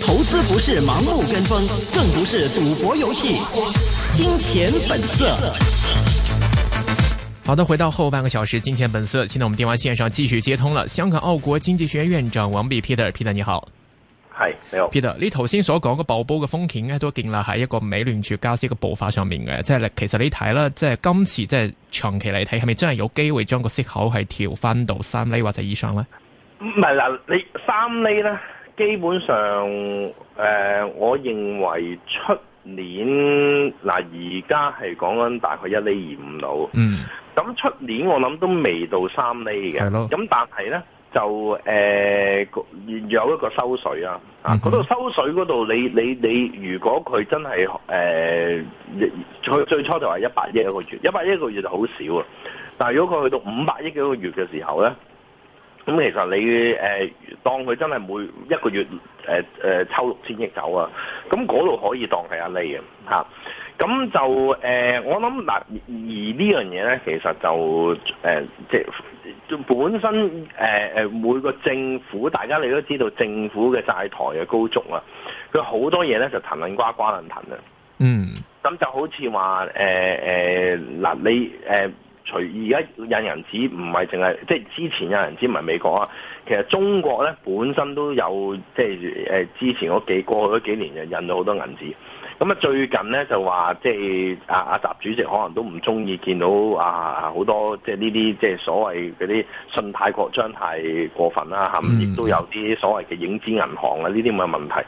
投資不是盲目跟風，更不是賭博遊戲。金錢本色。好的，回到後半個小時，金錢本色。現在我們電話線上繼續接通了。香港澳國經濟學院院長王弼 Peter，Peter 你好，係你好 Peter，你頭先所講嘅爆煲嘅風險都建立喺一個美聯儲加息嘅步伐上面嘅，即係其實你睇咧，即係今次即係長期嚟睇，係咪真係有機會將個息口係調翻到三厘或者以上呢？唔係嗱，你三厘咧，基本上誒、呃，我認為出年嗱，而家係講緊大概一厘二五到，嗯，咁出年我諗都未到三厘嘅，咁是咯 但係咧就誒、呃、有一個收水啊，啊，嗰度、嗯、哼 收水嗰度，你你你，你如果佢真係誒，佢、呃、最初就係一百億一個月，一百億一個月就好少啊，但係如果佢去到五百億幾個月嘅時候咧。咁其實你誒、呃、當佢真係每一個月誒、呃呃、抽六千億走啊，咁嗰度可以當係阿利嘅咁、啊、就誒、呃、我諗嗱、呃，而呢樣嘢咧，其實就誒、呃、即本身誒、呃、每個政府，大家你都知道政府嘅債台嘅高築啊，佢好多嘢咧就騰論呱呱論騰啊。嗯。咁就好似話誒誒嗱你誒。呃隨而家印銀紙唔係淨係，即係之前印銀紙唔係美國啊，其實中國咧本身都有，即係誒、呃、之前嗰幾過去嗰幾年就印咗好多銀紙，咁啊最近咧就話即係啊啊習主席可能都唔中意見到啊好多即係呢啲即係所謂嗰啲信貸擴張太過分啦，嚇、啊，亦都有啲所謂嘅影子銀行啊呢啲咁嘅問題。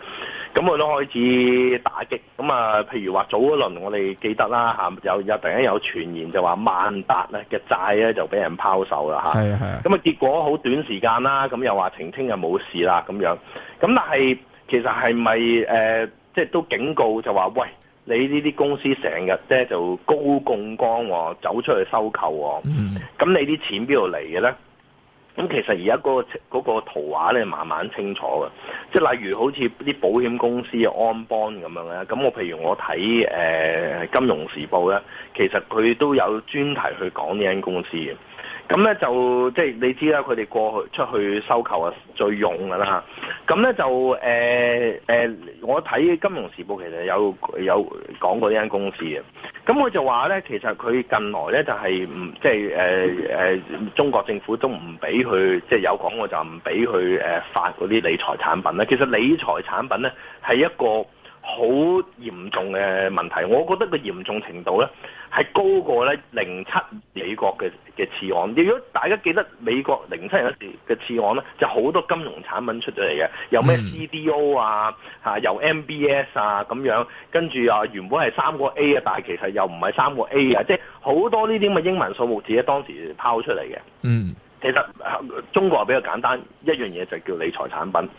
咁佢都開始打擊，咁啊，譬如話早一輪我哋記得啦嚇，有有突然間有傳言就話萬達咧嘅債咧就俾人拋售啦啊是的 啊，咁啊結果好短時間啦，咁又話澄清就冇事啦咁樣，咁但係其實係咪誒，即係都警告就話喂，你呢啲公司成日咧就高槓桿，走出去收購，咁、嗯、你啲錢邊度嚟嘅咧？咁其實而家嗰個嗰個圖畫咧，慢慢清楚嘅。即係例如好似啲保險公司嘅安邦咁樣咧，咁我譬如我睇誒金融時報咧，其實佢都有專題去講呢間公司嘅。咁咧就即係你知啦，佢哋過去出去收購啊，最用噶啦。咁咧就誒我睇《金融時報》其實有有講過呢間公司嘅。咁我就話咧，其實佢近來咧就係，是，唔即係，呃、中國政府都唔俾佢，即係有講我就唔俾佢發嗰啲理財產品啦。其實理財產品咧係一個好嚴重嘅問題，我覺得個嚴重程度咧係高過咧零七美國嘅嘅次案。如果大家記得美國零七年嗰時嘅次案咧，就好多金融產品出咗嚟嘅，有咩 CDO 啊，嚇、啊，有 MBS 啊咁樣，跟住啊原本係三個 A 啊，但係其實又唔係三個 A 啊，即係好多呢啲咁嘅英文數目字咧，當時拋出嚟嘅。嗯，其實中國比較簡單，一樣嘢就叫理財產品。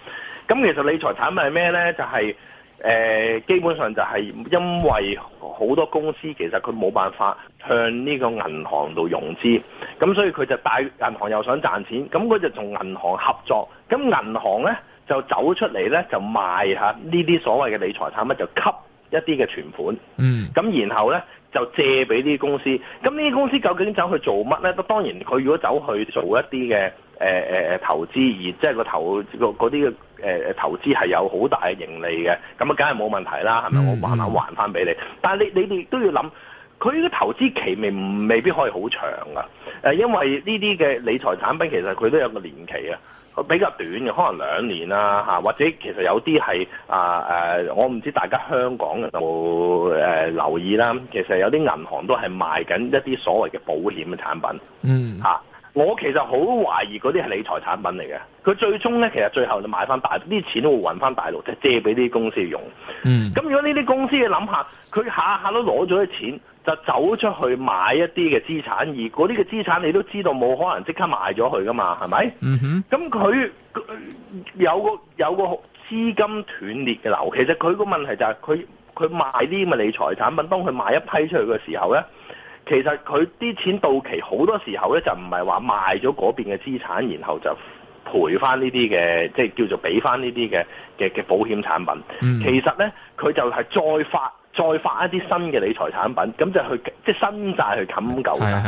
咁其實理財產品係咩咧？就係、是誒、呃，基本上就係因為好多公司其實佢冇辦法向呢個銀行度融資，咁所以佢就大銀行又想賺錢，咁佢就同銀行合作，咁銀行呢就走出嚟呢，就賣下呢啲所謂嘅理財產品，就吸一啲嘅存款，嗯，咁然後呢，就借俾呢啲公司，咁呢啲公司究竟走去做乜呢？都當然，佢如果走去做一啲嘅。誒誒、呃投、呃、投資而即係個投個嗰啲誒投資係有好大嘅盈利嘅，咁啊梗係冇問題啦，係咪？嗯嗯、我慢慢還翻俾你。但係你你哋都要諗，佢呢個投資期未未必可以好長噶，誒，因為呢啲嘅理財產品其實佢都有個年期啊，比較短嘅，可能兩年啦。或者其實有啲係啊誒，我唔知大家香港有冇誒、呃、留意啦，其實有啲銀行都係賣緊一啲所謂嘅保險嘅產品，嗯，啊我其實好懷疑嗰啲係理財產品嚟嘅，佢最終呢，其實最後就買翻大啲錢都會運翻大陸係借俾啲公司用。咁、嗯、如果呢啲公司你諗下，佢下下都攞咗啲錢，就走出去買一啲嘅資產，而嗰啲嘅資產你都知道冇可能即刻賣咗佢噶嘛，係咪？咁佢、嗯、哼有個有個資金斷裂嘅流，其實佢個問題就係佢佢賣啲咁嘅理財產品，當佢賣一批出去嘅時候呢。其實佢啲錢到期好多時候咧，就唔係話賣咗嗰邊嘅資產，然後就賠翻呢啲嘅，即係叫做俾翻呢啲嘅嘅嘅保險產品。嗯、其實咧，佢就係再發再發一啲新嘅理財產品，咁就去即係新債去冚舊債。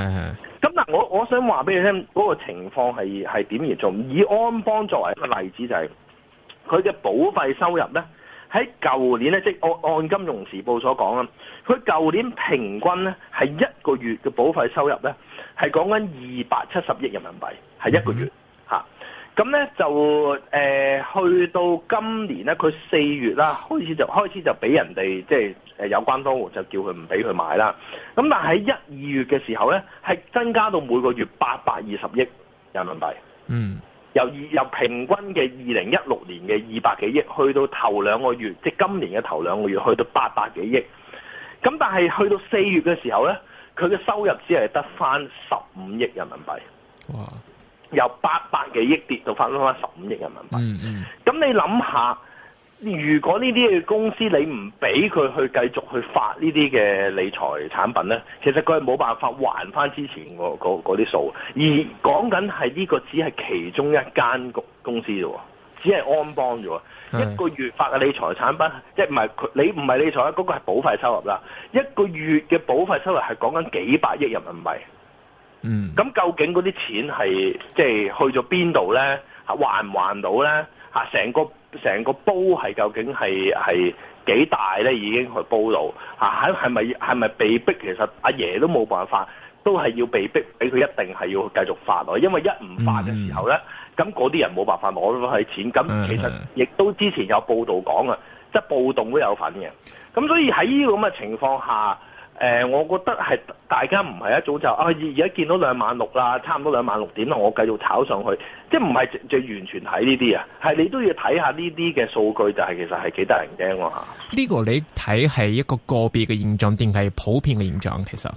咁嗱，我我想話俾你聽，嗰、嗰個情況係係點嚴重？以安邦作為一個例子，就係，就係佢嘅保費收入咧。喺舊年咧，即按按《金融時報》所講啊，佢舊年平均咧係一個月嘅保費收入咧係講緊二百七十億人民幣，係一個月嚇。咁咧、嗯哼啊、就誒、呃、去到今年咧，佢四月啦開始就開始就俾人哋即係誒有關當局就叫佢唔俾佢買啦。咁但係喺一二月嘅時候咧，係增加到每個月八百二十億人民幣。嗯。由二由平均嘅二零一六年嘅二百幾億，去到頭兩個月，即係今年嘅頭兩個月，去到八百幾億。咁但係去到四月嘅時候呢，佢嘅收入只係得返十五億人民幣。哇！由八百幾億跌到返返十五億人民幣。嗯、嗯、咁你諗下。如果呢啲嘅公司你唔俾佢去繼續去發呢啲嘅理財產品呢，其實佢係冇辦法還翻之前嗰啲數。而講緊係呢個只係其中一間公司啫，只係安邦啫。是一個月發嘅理財產品，即係唔係你唔係理財嗰、嗰個係保費收入啦。一個月嘅保費收入係講緊幾百億人民幣。咁、嗯、究竟嗰啲錢係即係去咗邊度呢？還唔還到呢？成個。成個煲係究竟係係幾大咧？已經去煲到，喺係咪係咪被逼？其實阿爺都冇辦法，都係要被逼，俾佢一定係要繼續發咯。因為一唔發嘅時候咧，咁嗰啲人冇辦法攞到係錢。咁其實亦都之前有報導講啊，即係暴動都有份嘅。咁所以喺呢個咁嘅情況下。誒、呃，我覺得係大家唔係一早就啊，而家見到兩萬六啦，差唔多兩萬六點啦，我繼續炒上去，即係唔係就完全睇呢啲啊？係你都要睇下呢啲嘅數據、就是，就係其實係幾得人驚喎。呢個你睇係一個個別嘅現象定係普遍嘅現象？其實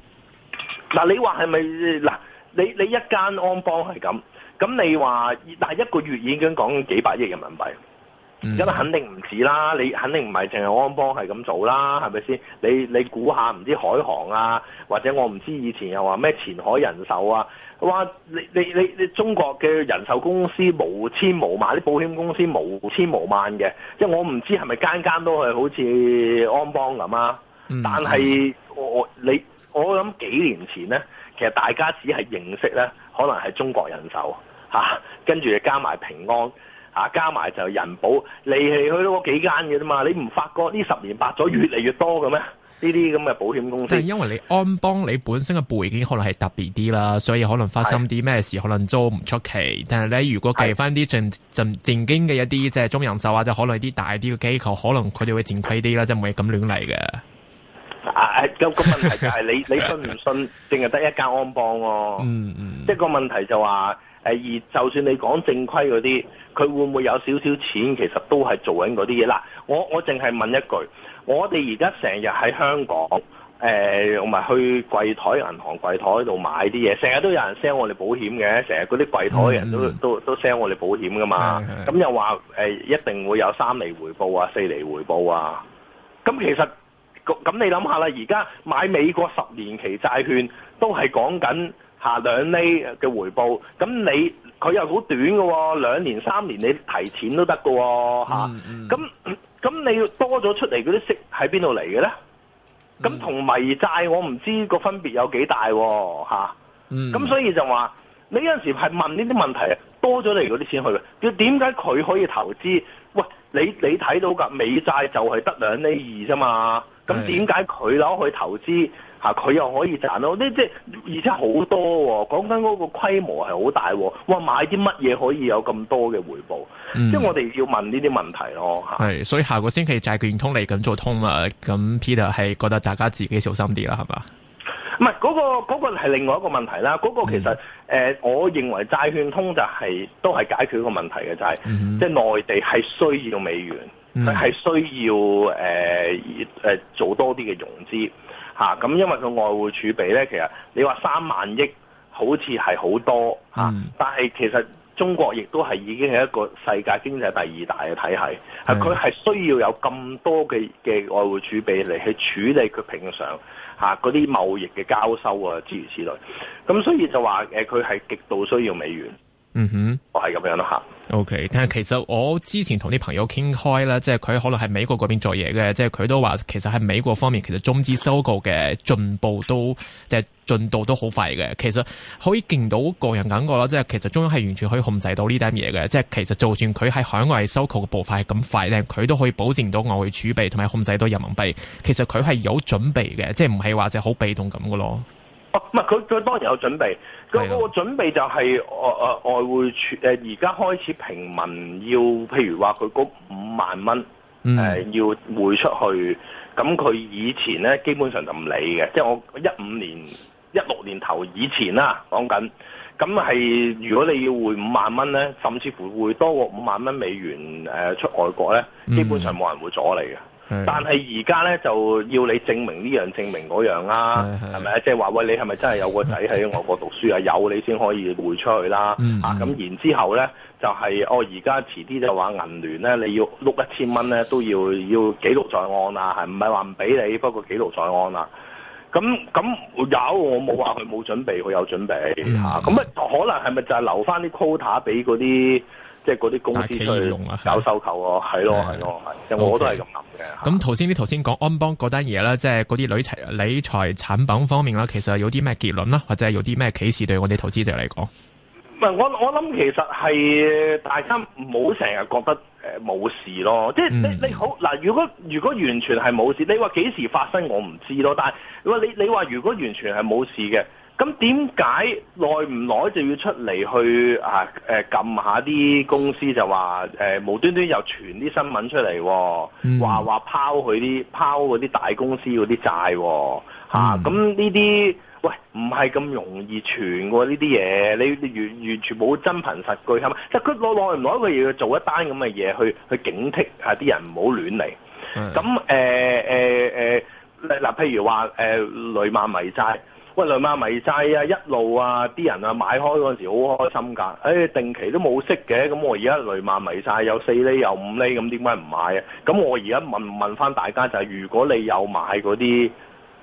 嗱、呃，你話係咪嗱？你你一間安邦係咁，咁你話嗱、呃、一個月已經講幾百億人民幣。咁、嗯、肯定唔止啦，你肯定唔係淨係安邦係咁做啦，係咪先？你你估下唔知海航啊，或者我唔知以前又話咩前海人壽啊，話你你你，你中國嘅人壽公司無千無萬，啲保險公司無千無萬嘅，即係我唔知係咪間間都係好似安邦咁啊？嗯、但係我你我諗幾年前呢，其實大家只係認識呢，可能係中國人壽吓，跟住加埋平安。啊，加埋就人保，你去到幾間嘅啫嘛，你唔發覺呢十年八載越嚟越多嘅咩？呢啲咁嘅保險公司，但因為你安邦你本身嘅背景可能係特別啲啦，所以可能發生啲咩事是的 可能都唔出奇。但係咧，如果計翻啲正是的 正正，正，正經嘅一啲即係中人壽啊，即可能啲大啲嘅機構，可能佢哋會正規啲啦，即係唔係咁亂嚟嘅。啊，有、那個問題就係、是、你你信唔信淨係得一間安邦喎、啊嗯？嗯嗯，即係個問題就話、是。誒而就算你講正規嗰啲，佢會唔會有少少錢？其實都係做緊嗰啲嘢嗱。我我淨係問一句，我哋而家成日喺香港誒，同、呃、埋去櫃台銀行櫃台度買啲嘢，成日都有人 sell 我哋保險嘅，成日嗰啲櫃台人都、嗯、都都 sell 我哋保險噶嘛。咁、嗯、又話、呃、一定會有三釐回報啊，四釐回報啊。咁其實咁你諗下啦，而家買美國十年期債券都係講緊。下兩厘嘅回報，咁你佢又好短嘅喎、哦，兩年三年你提錢都得㗎喎，咁咁、嗯啊、你要多咗出嚟嗰啲息喺邊度嚟嘅咧？咁同美債我唔知個分別有幾大喎、哦，咁、啊嗯、所以就話你有陣時係問呢啲問題啊，多咗嚟嗰啲錢去，要點解佢可以投資？喂，你你睇到㗎，美債就係得兩厘二啫嘛，咁點解佢攞去投資？嗯嗯嚇佢又可以賺咯，呢即係而且好多喎，講緊嗰個規模係好大喎，哇買啲乜嘢可以有咁多嘅回報？即係、嗯、我哋要問呢啲問題咯。係，所以下個星期債券通嚟緊做通啊，咁 Peter 係覺得大家自己小心啲啦，係嘛？唔係嗰個嗰個係、嗰個、另外一個問題啦。嗰個、嗰個其實誒、嗯呃，我認為債券通就係、是、都係解決一個問題嘅，就係即係內地係需要美元，係、嗯、需要誒誒、呃、做多啲嘅融資。吓！咁因為個外匯儲備咧，其實你話三萬億好似係好多嚇，嗯、但係其實中國亦都係已經係一個世界經濟第二大嘅體系，係佢係需要有咁多嘅嘅外匯儲備嚟去處理佢平常嚇嗰啲貿易嘅交收啊諸如此類，咁所以就話誒，佢係極度需要美元。嗯哼，係咁樣咯吓。O K，但係其實我之前同啲朋友傾開啦，即係佢可能喺美國嗰邊做嘢嘅，即係佢都話其實喺美國方面，其實中資收購嘅進步都即係進度都好快嘅。其實可以見到個人感覺啦，即係其實中央係完全可以控制到呢單嘢嘅。即係其實就算佢喺海外收購嘅步伐係咁快咧，佢都可以保證到外匯儲備同埋控制到人民幣。其實佢係有準備嘅，即係唔係話就好被動咁噶咯。哦，唔係佢，佢當然有準備。佢嗰個準備就係、是，誒、呃、誒、呃，外匯處而家開始平民要，譬如話佢嗰五萬蚊，誒、嗯呃、要匯出去。咁佢以前呢基本上就唔理嘅。即係我一五年、一六年頭以前啦、啊，講緊。咁係如果你要匯五萬蚊呢，甚至乎匯多過五萬蚊美元誒、呃、出外國呢，基本上冇人會阻你嘅。但係而家咧就要你證明呢樣證明嗰樣啦，係咪？即係話喂，你係咪真係有個仔喺外國讀書啊？有你先可以匯出去啦。啊，咁、嗯嗯啊、然之後咧就係、是、哦，而家遲啲就話銀聯咧，你要碌一千蚊咧都要要記錄在案啊，係唔係話唔俾你？不過記錄在案啦、啊。咁咁有我冇話佢冇準備，佢有準備咁啊，嗯嗯啊可能係咪就係留翻啲 quota 俾嗰啲？即係嗰啲公司去用啊，搞收購啊，係咯，係咯，我都係咁諗嘅。咁頭先你頭先講安邦嗰單嘢啦，即係嗰啲理財理財產品方面啦，其實有啲咩結論啦，或者有啲咩啟示對我哋投資者嚟講？唔係我我諗，其實係大家唔好成日覺得誒冇事咯。嗯、即係你你好嗱，如果如果完全係冇事，你話幾時發生我唔知咯。但係你你話如果完全係冇事嘅。咁點解耐唔耐就要出嚟去啊？撳下啲公司就話誒、啊、無端端又傳啲新聞出嚟，哦，話話，嗯、拋佢啲拋嗰啲大公司嗰啲債喎，咁呢啲喂，唔係咁容易傳過呢啲嘢，你你完完全冇真憑實據，即但佢耐耐唔耐佢要做一單咁嘅嘢去去警惕下啲人，唔好亂嚟。咁誒誒嗱，譬、啊啊啊啊、如話誒、啊、雷曼迷債。喂，雷曼迷債啊，一路啊，啲人啊買開嗰陣時好開心㗎，誒、哎、定期都冇息嘅，咁我而家雷曼迷債有四厘有五厘，咁點解唔買啊？咁我而家問問翻大家就係、是，如果你有買嗰啲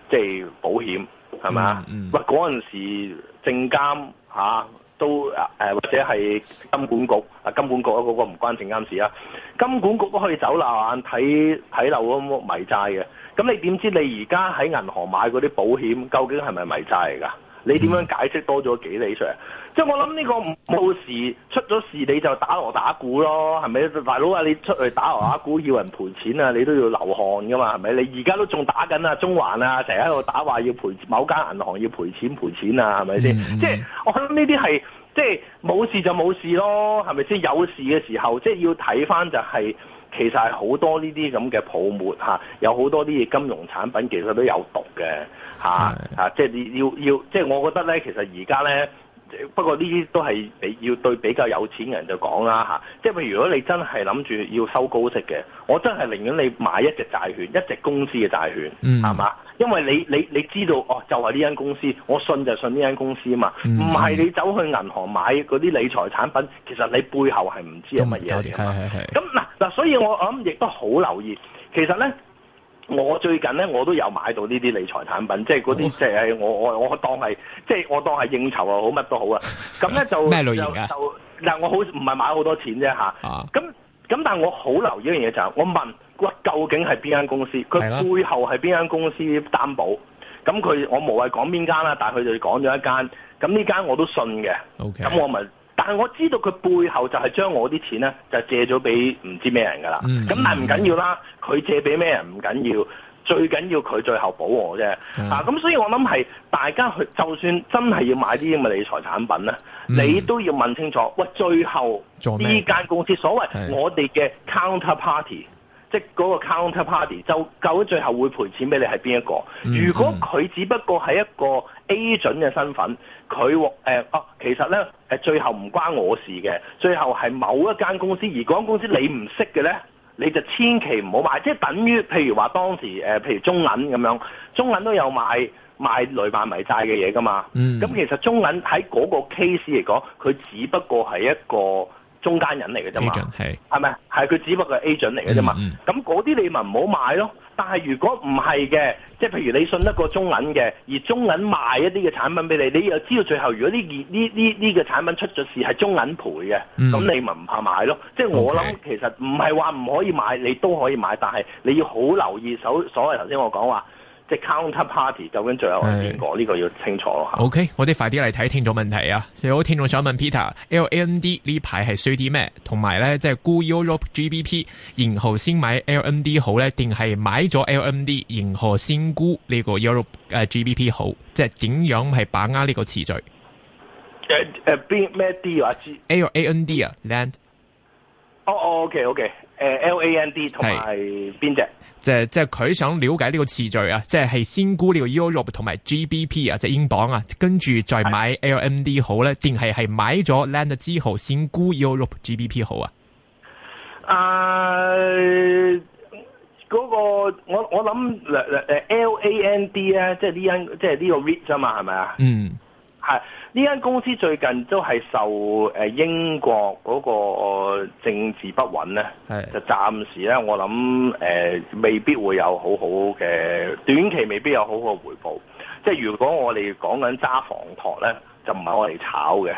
即係保險，係咪、嗯嗯、啊？喂，嗰陣時證監嚇都或者係金管局啊，金管局嗰、那個唔關證監事啊，金管局都可以走漏眼睇睇漏咁迷債嘅。咁你點知你而家喺銀行買嗰啲保險究竟係咪迷債嚟噶？你點樣解釋多咗幾釐上？嗯、即係我諗呢個冇事出咗事你就打鑼打鼓咯，係咪？大佬啊，你出去打鑼打鼓要人賠錢啊，你都要流汗噶嘛，係咪？你而家都仲打緊啊，中環啊，成日喺度打，話要賠某間銀行要賠錢賠錢啊，係咪先？即係我諗呢啲係即係冇事就冇事咯，係咪先？有事嘅時候即係要睇翻就係、是。其實係好多呢啲咁嘅泡沫吓、啊，有好多啲金融產品其實都有毒嘅吓吓，即係你要要即係我覺得咧，其實而家咧，不過呢啲都係要對比較有錢人就講啦吓，即係譬如果你真係諗住要收高息嘅，我真係寧願你買一隻債券，一隻公司嘅債券，係嘛、嗯？因為你你你知道哦，就係呢間公司，我信就信呢間公司啊嘛，唔係、嗯、你走去銀行買嗰啲理財產品，其實你背後係唔知有乜嘢嘅。咁嗱。嗱，所以我諗亦都好留意，其實咧，我最近咧我都有買到呢啲理財產品，即係嗰啲即係我我我當係即係我當係應酬又好乜都好啊。咁咧就咩類型嘅？ 就嗱，我好唔係買好多錢啫吓，咁咁、啊，但我好留意一樣嘢就係，我問佢究竟係邊間公司，佢背後係邊間公司擔保。咁佢我無謂講邊間啦，但佢就講咗一間。咁呢間我都信嘅。咁 Okay. 我咪。但係我知道佢背後就係將我啲錢咧，就、嗯嗯、借咗俾唔知咩人㗎啦。咁但係唔緊要啦，佢借俾咩人唔緊要，最緊要佢最後保我啫。嗯、啊，咁所以我諗係大家去，就算真係要買啲咁嘅理財產品咧，嗯、你都要問清楚，喂，最後呢間公司所謂我哋嘅 counter party。即嗰個 counterparty 就究竟最後會賠錢俾你係邊一個？如果佢只不過係一個 A 準嘅身份，佢獲哦，其實咧最後唔關我事嘅，最後係某一間公司。而嗰間公司你唔識嘅咧，你就千祈唔好買，即係等於譬如話當時、呃、譬如中銀咁樣，中銀都有賣賣雷曼迷債嘅嘢㗎嘛。咁、嗯、其實中銀喺嗰個 case 嚟講，佢只不過係一個。中間人嚟嘅啫嘛，係係咪？係佢只不過係 agent 嚟嘅啫嘛。咁嗰啲你咪唔好買咯。但係如果唔係嘅，即係譬如你信得過中銀嘅，而中銀賣一啲嘅產品俾你，你又知道最後如果呢件呢呢呢個產品出咗事係中銀賠嘅，咁、嗯、你咪唔怕買咯。Okay. 即係我諗其實唔係話唔可以買，你都可以買，但係你要好留意首所謂頭先我講話。即 counter party，究竟最後係邊個，呢個要清楚咯嚇。OK，我哋快啲嚟睇聽眾問題啊！有位聽眾想問 Peter，L A N D 呢排係衰啲咩？同埋咧，即係估 Europe G B P，然後先買 L N D 好咧，定係買咗 L N D，然後先估呢個 Europe 誒 G B P 好？即係點樣係把握呢個次序，誒誒邊咩 D 啊、G、？L A N D 啊，land。哦哦，OK OK，誒、uh, L A N D 同埋邊隻？即係即係佢想了解呢個次序啊，即係係先估呢個 Europe 同埋 GBP 啊，即係英鎊啊，跟住再買 LMD 好咧，定係係買咗 Land 之後先估 Europe GBP 好啊？誒，嗰個我我諗誒 L A N D 咧，即係呢樣即係呢個 REIT 咋嘛，係咪啊？嗯。係呢間公司最近都係受誒英國嗰個政治不穩咧，係就暫時咧我諗誒、呃、未必會有好好嘅，短期未必有好好嘅回報。即係如果我哋講緊揸房託咧，就唔係我嚟炒嘅。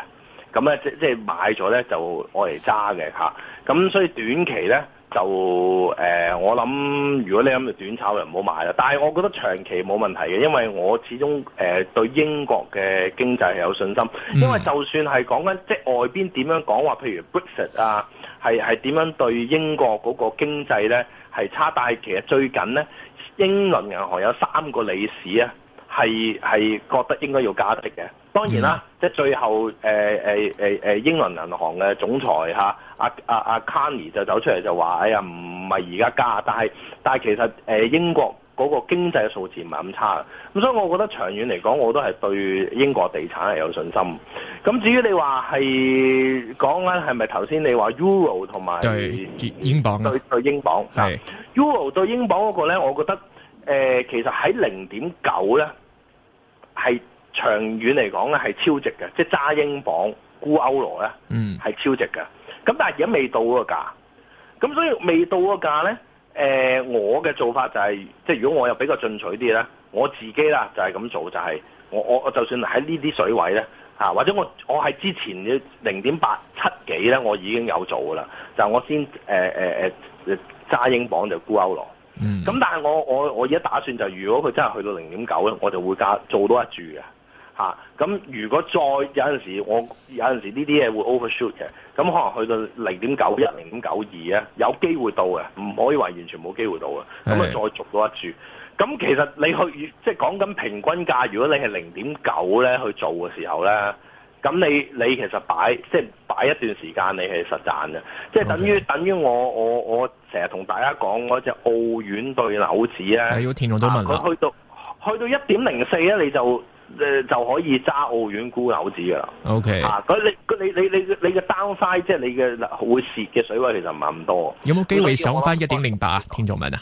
咁咧即即係買咗咧，就我嚟揸嘅嚇。咁所以短期咧。就誒、呃，我諗如果你諗住短炒就唔好買啦，但係我覺得長期冇問題嘅，因為我始終、呃、對英國嘅經濟係有信心，因為就算係講緊即外邊點樣講話，譬如 Brexit 啊，係點樣對英國嗰個經濟呢？係差，但係其實最近呢，英倫銀行有三個理事啊，係係覺得應該要加息嘅。當然啦，嗯、最後，呃呃、英倫銀行嘅總裁嚇，阿阿阿卡尼就走出嚟就話：哎呀，唔係而家加，但係但係其實，呃、英國嗰個經濟嘅數字唔係咁差。咁所以，我覺得長遠嚟講，我都係對英國地產係有信心。咁至於你話係講緊係咪頭先你話 Euro 同埋對英鎊、啊、對，對英鎊係是 Euro 對英鎊嗰個呢，我覺得、呃、其實喺零點九咧係。長遠嚟講咧係超值嘅，即係揸英鎊沽歐羅咧，係超值嘅。咁但係而家未到嗰個價，咁所以未到嗰個價咧，誒、呃、我嘅做法就係、是，即係如果我又比較進取啲咧，我自己啦就係咁做，就係、是、我我我就算喺呢啲水位咧嚇、啊，或者我我係之前嘅零點八七幾咧，我已經有做㗎啦。就我先誒誒誒揸英鎊就沽歐羅，咁、嗯、但係我我我而家打算就係，如果佢真係去到零點九咧，我就會加做多一注嘅。咁、啊、如果再有陣時我，我有陣時呢啲嘢會 overshoot 嘅，咁可能去到零點九一、零點九二咧，有機會到嘅，唔可以話完全冇機會到嘅。咁啊，再捉多一注。咁其實你去即係講緊平均價，如果你係零點九咧去做嘅時候咧，咁你你其實擺即係擺一段時間，你係實賺嘅。即係等於等於我我我成日同大家講嗰隻澳元對樓子咧，要到啊，佢去到去到一點零四咧，你就。誒就可以揸澳元沽樓子嘅啦。OK，嚇、啊，你、你、你、你，side, 你、你嘅 downside 即係你嘅會蝕嘅水位其實唔係咁多。有冇機會上翻一點零八啊？聽眾問啊？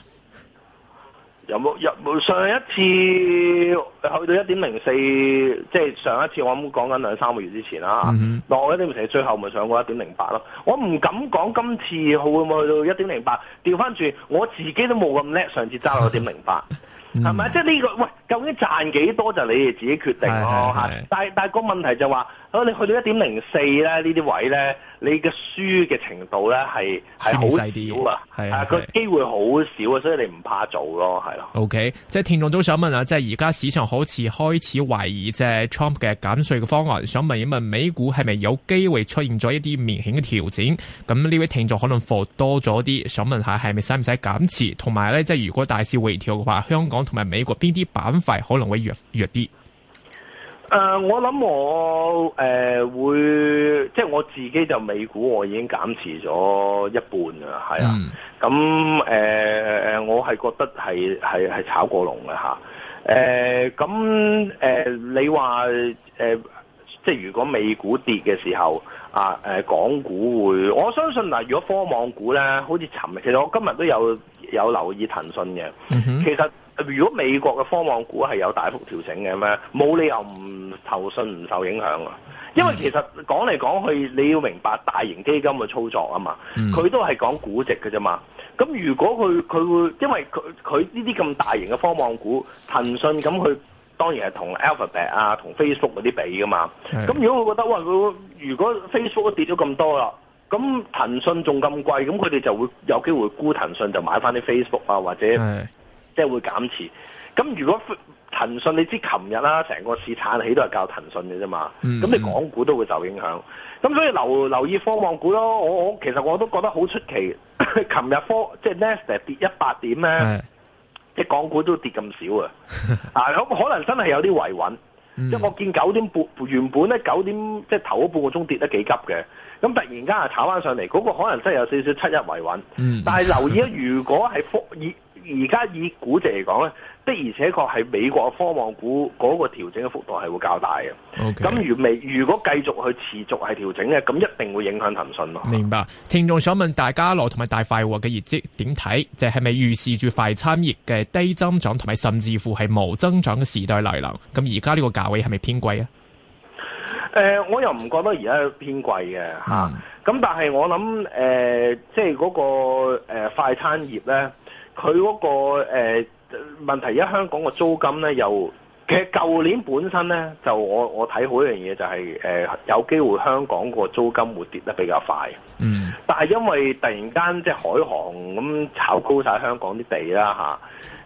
有冇有冇上一次去到一點零四？即係上一次我咁講緊兩三個月之前啦。嗱、嗯哼，我一點零四最後咪上過一點零八咯。我唔敢講今次會唔會去到一點零八。調翻轉，我自己都冇咁叻，上次揸到一點零八。 係咪啊？即係呢個喂，究竟賺幾多就你哋自己決定咯嚇是、啊。但係但係個問題就話，如果你去到一點零四咧，呢啲位咧。你嘅輸嘅程度咧係係好細啲啊，係啊個機會好少啊，所以你唔怕做咯，係咯。OK，即係聽眾都想問下，即係而家市場好似開始懷疑即係 Trump 嘅減稅嘅方案，想問一問美股係咪有機會出現咗一啲明顯嘅調整？咁呢位聽眾可能浮多咗啲，想問下係咪使唔使減持？同埋咧，即係如果大市回調嘅話，香港同埋美國邊啲板塊可能會弱弱啲？誒、呃，我諗我誒、呃、會即係我自己就美股，我已經減持咗一半啊，係啊、嗯，咁誒誒，我係覺得係係係炒過龍嘅吓，誒、嗯，咁、嗯、誒、嗯嗯嗯，你話誒。嗯即係如果美股跌嘅時候，啊誒、呃，港股會我相信嗱、啊，如果科網股咧，好似尋日其實我今日都有有留意騰訊嘅。嗯、哼其實如果美國嘅科網股係有大幅調整嘅咩？冇理由唔投信唔受影響啊！因為其實、嗯、講嚟講去，你要明白大型基金嘅操作啊嘛，佢、嗯、都係講估值嘅啫嘛。咁如果佢佢會，因為佢佢呢啲咁大型嘅科網股騰訊咁佢。當然係同 Alphabet 啊，同 Facebook 嗰啲比噶嘛。咁是如果我覺得哇，如果 Facebook 跌咗咁多啦，咁騰訊仲咁貴，咁佢哋就會有機會沽騰訊，就買翻啲 Facebook 啊，或者是即係會減持。咁如果騰訊，你知琴日啦，成個市撐起都係靠騰訊嘅啫嘛。咁、嗯嗯、你港股都會受影響。咁所以留留意科網股咯。我我其實我都覺得好出奇。琴 日科即係 Nasdaq 跌一百點咧。 港股都跌咁少啊，啊可能真係有啲維穩。即係我見九點半原本咧九點即係頭嗰半個鐘跌得幾急嘅，咁突然間啊炒翻上嚟，嗰、嗰個可能真係有少少七一維穩。 但係留意啊，如果係。復熱。而家以估值嚟講呢，的而且確係美國科網股嗰個調整嘅幅度係會較大嘅。咁如未如果繼續去持續係調整咧，咁一定會影響騰訊咯。明白。聽眾想問大家樂同埋大快活嘅業績點睇？就係、是、咪預示住快餐業嘅低增長同埋甚至乎係無增長嘅時代嚟臨？咁而家呢個價位係咪偏貴啊？誒、呃，我又唔覺得而家偏貴嘅嚇。咁、嗯、但係我諗誒、呃，即係嗰個快餐業呢。佢嗰、那個誒、呃、問題，而家香港個租金咧又，其實舊年本身咧就我我睇好一樣嘢、就是，就係誒有機會香港個租金會跌得比較快。嗯，但係因為突然間即係海航咁炒高晒香港啲地啦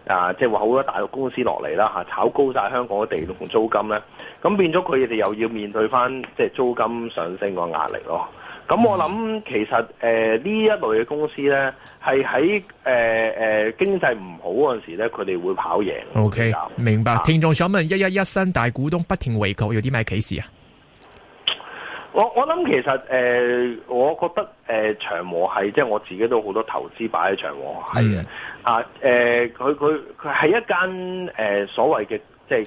嚇，啊，啊即係話好多大陸公司落嚟啦嚇，炒高晒香港啲地同租金咧，咁變咗佢哋又要面對翻即係租金上升個壓力咯。咁、嗯、我諗其實誒呢、呃、一類嘅公司咧，係喺誒誒經濟唔好嗰陣時咧，佢哋會跑贏。O Okay , K，就明白。啊、聽眾想問一一一新大股東不停回購，有啲咩啟示啊？我我諗其實誒、呃，我覺得誒、呃、長和系即係、就是、我自己都好多投資擺喺長和系嘅的啊。誒、呃，佢佢佢係一間誒、呃、所謂嘅即係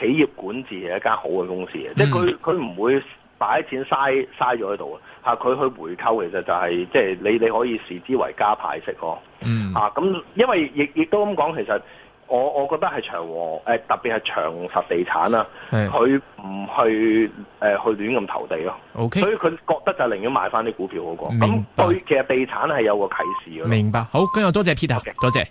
企業管治係一間好嘅公司、嗯、即係佢佢唔會擺錢嘥嘥咗喺度啊。啊！佢去回購其實就係、是、即係你你可以視之為加派息咯。嗯。啊，咁、嗯啊、因為亦亦都咁講，其實我我覺得係長和誒特別係長實地產啦、啊，佢唔是 去誒、呃、去亂咁投地咯、啊。O K。所以佢覺得就寧願買翻啲股票好過、那個。咁明白 對其實地產係有個啟示咯。明白。好，今日多謝 Peter，多 Okay. 謝，謝。